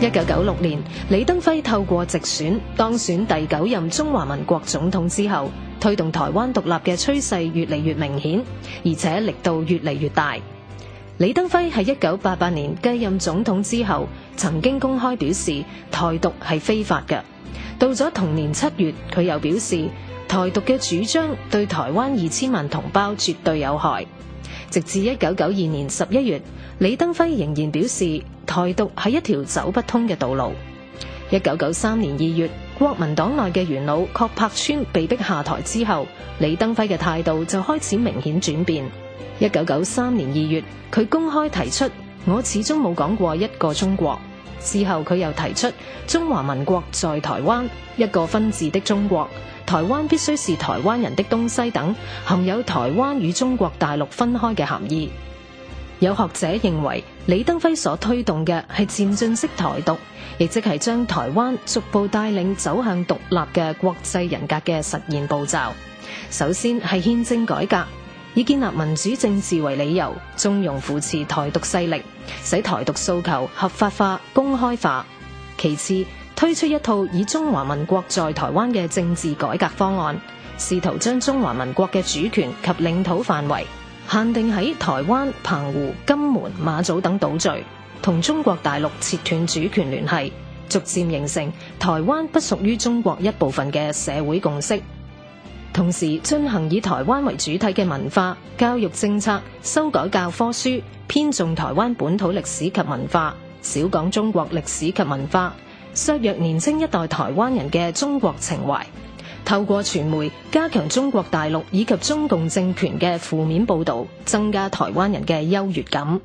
一九九六年，李登輝透過直選當選第九任中華民國總統之後，推動台灣獨立嘅趨勢越嚟越明顯，而且力度越嚟越大。李登輝喺一九八八年繼任總統之後，曾經公開表示台獨係非法嘅。到咗同年七月，佢又表示台獨嘅主張對台灣二千萬同胞絕對有害。直至一九九二年十一月，李登輝仍然表示，台獨係一條走不通嘅道路。一九九三年二月，國民黨內嘅元老郝柏村被逼下台之後，李登輝嘅態度就開始明顯轉變。一九九三年二月，佢公開提出，我始終冇講過一個中國。之後佢又提出中華民國在台灣一個分治的中國，台灣必須是台灣人的東西等，含有台灣與中國大陸分開嘅含義。有學者認為李登輝所推動嘅係漸進式台獨，亦即係將台灣逐步帶領走向獨立嘅國際人格嘅實現步驟。首先係憲政改革。以建立民主政治為理由，縱容扶持台獨勢力，使台獨訴求合法化、公開化。其次，推出一套以中華民國在台灣嘅政治改革方案，試圖將中華民國嘅主權及領土範圍限定喺台灣、澎湖、金門、馬祖等島嶼，同中國大陸切斷主權聯繫，逐漸形成台灣不屬於中國一部分嘅社會共識。同時進行以台灣為主體嘅文化教育政策，修改教科書，偏重台灣本土歷史及文化，少講中國歷史及文化，削弱年輕一代台灣人嘅中國情懷。透過傳媒加強中國大陸以及中共政權嘅負面報導，增加台灣人嘅優越感。